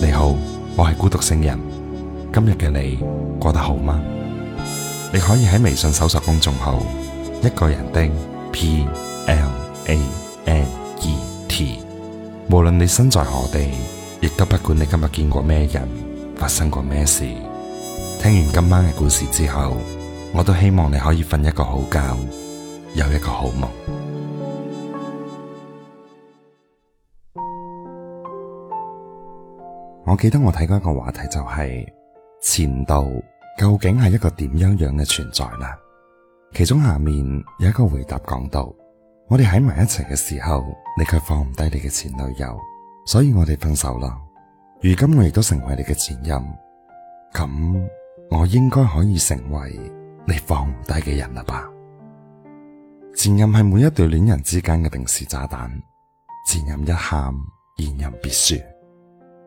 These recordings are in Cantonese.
你好，我係孤獨星人。今日嘅你過得好嗎？你可以喺微信搜索公眾號一個人的 P L A N E T，無論你身在何地，亦都不管你今日見過咩人，發生過咩事。聽完今晚嘅故事之後，我都希望你可以瞓一個好覺，有一個好夢。我記得我睇過一個話題，就是，就係前度究竟係一個點樣樣嘅存在啦。其中下面有一個回答講到：我哋喺埋一齊嘅時候，你卻放唔低你嘅前女友，所以我哋分手啦。如今我亦都成為你嘅前任，咁我應該可以成為你放唔低嘅人啦吧？前任係每一對戀人之間嘅定時炸彈，前任一喊，現任必輸。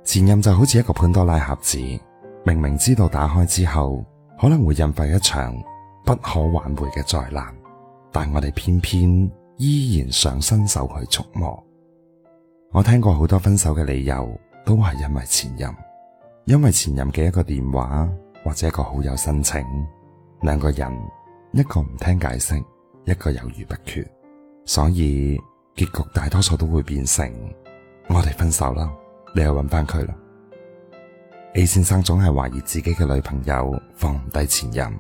前任就好似一個潘多拉盒子，明明知道打開之後可能會引發一場不可挽回嘅災難，但我哋偏偏依然想伸手去觸摸。我聽過好多分手嘅理由，都係因為前任，因為前任嘅一個電話或者一個好友申請，兩個人一個唔聽解釋，一個猶豫不決，所以結局大多數都會變成我哋分手啦。你又揾翻佢啦？A 先生總係懷疑自己嘅女朋友放唔低前任，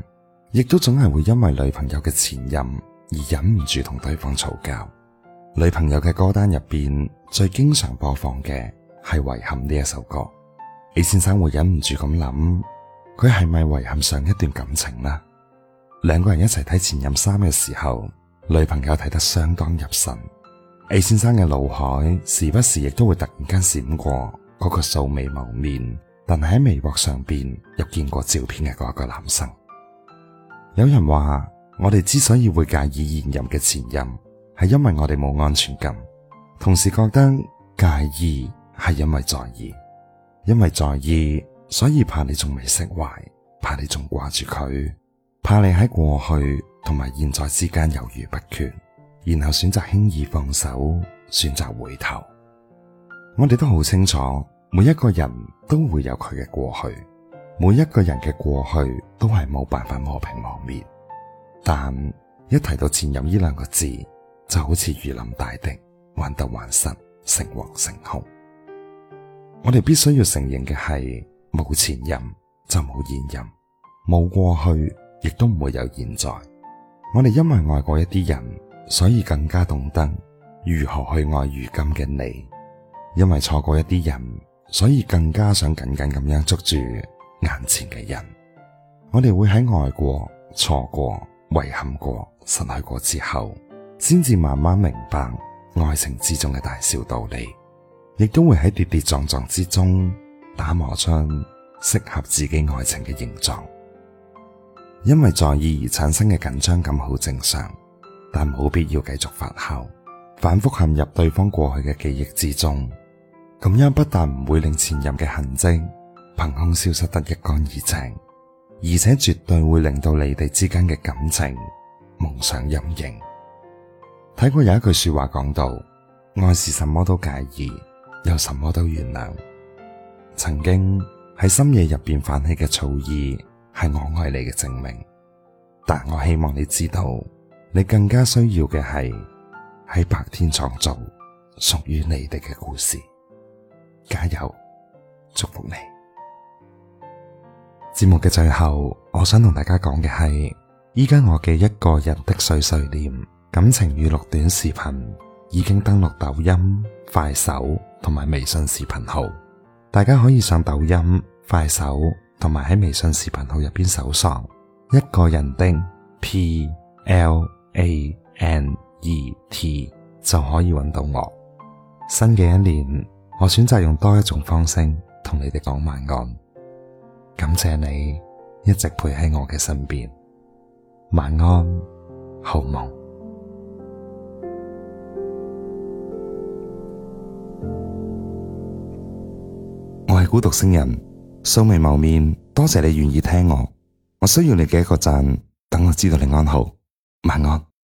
亦都總係會因為女朋友嘅前任而忍唔住同對方嘈交。女朋友嘅歌單入邊最經常播放嘅係遺憾呢一首歌。A 先生會忍唔住咁諗，佢係咪遺憾上一段感情呢？兩個人一齊睇前任三嘅時候，女朋友睇得相當入神。A 先生嘅腦海時不時亦都會突然間閃過嗰個素未謀面，但係喺微博上邊又見過照片嘅嗰個男生。有人話：我哋之所以會介意現任嘅前任，係因為我哋冇安全感，同時覺得介意係因為在意，因為在意，所以怕你仲未釋懷，怕你仲掛住佢，怕你喺過去同埋現在之間猶豫不決。然後選擇輕易放手，選擇回頭。我哋都好清楚，每一個人都會有佢嘅過去，每一個人嘅過去都係冇辦法磨平磨滅。但一提到前任呢兩個字，就好似如臨大敵，患得患失，誠惶誠恐。我哋必須要承認嘅係，冇前任就冇現任，冇過去亦都唔會有現在。我哋因為愛過一啲人。所以更加懂得如何去愛如今嘅你，因為錯過一啲人，所以更加想緊緊咁樣捉住眼前嘅人。我哋會喺愛過、錯過、遺憾過、失去過之後，先至慢慢明白愛情之中嘅大小道理，亦都會喺跌跌撞撞之中打磨出適合自己愛情嘅形狀。因為在意而產生嘅緊張感，好正常。但冇必要繼續發酵，反覆陷入對方過去嘅記憶之中，咁樣不但唔會令前任嘅痕跡憑空消失得一乾二淨，而且絕對會令到你哋之間嘅感情蒙上陰影。睇過有一句話說話講到：愛是什麼都介意，又什麼都原諒。曾經喺深夜入邊泛起嘅醋意，係我愛你嘅證明。但我希望你知道。你更加需要嘅係喺白天創造屬於你哋嘅故事，加油！祝福你。節目嘅最後，我想同大家講嘅係，依家我嘅一個人的碎碎念，感情語錄短視頻已經登錄抖音、快手同埋微信視頻號，大家可以上抖音、快手同埋喺微信視頻號入邊搜索一個人的 PL。A N E T 就可以揾到我。新嘅一年，我選擇用多一種方式同你哋講晚安。感謝你一直陪喺我嘅身邊。晚安，好夢。我係孤獨星人，素未謀面，多謝你願意聽我。我需要你嘅一個讚，等我知道你安好。晚安。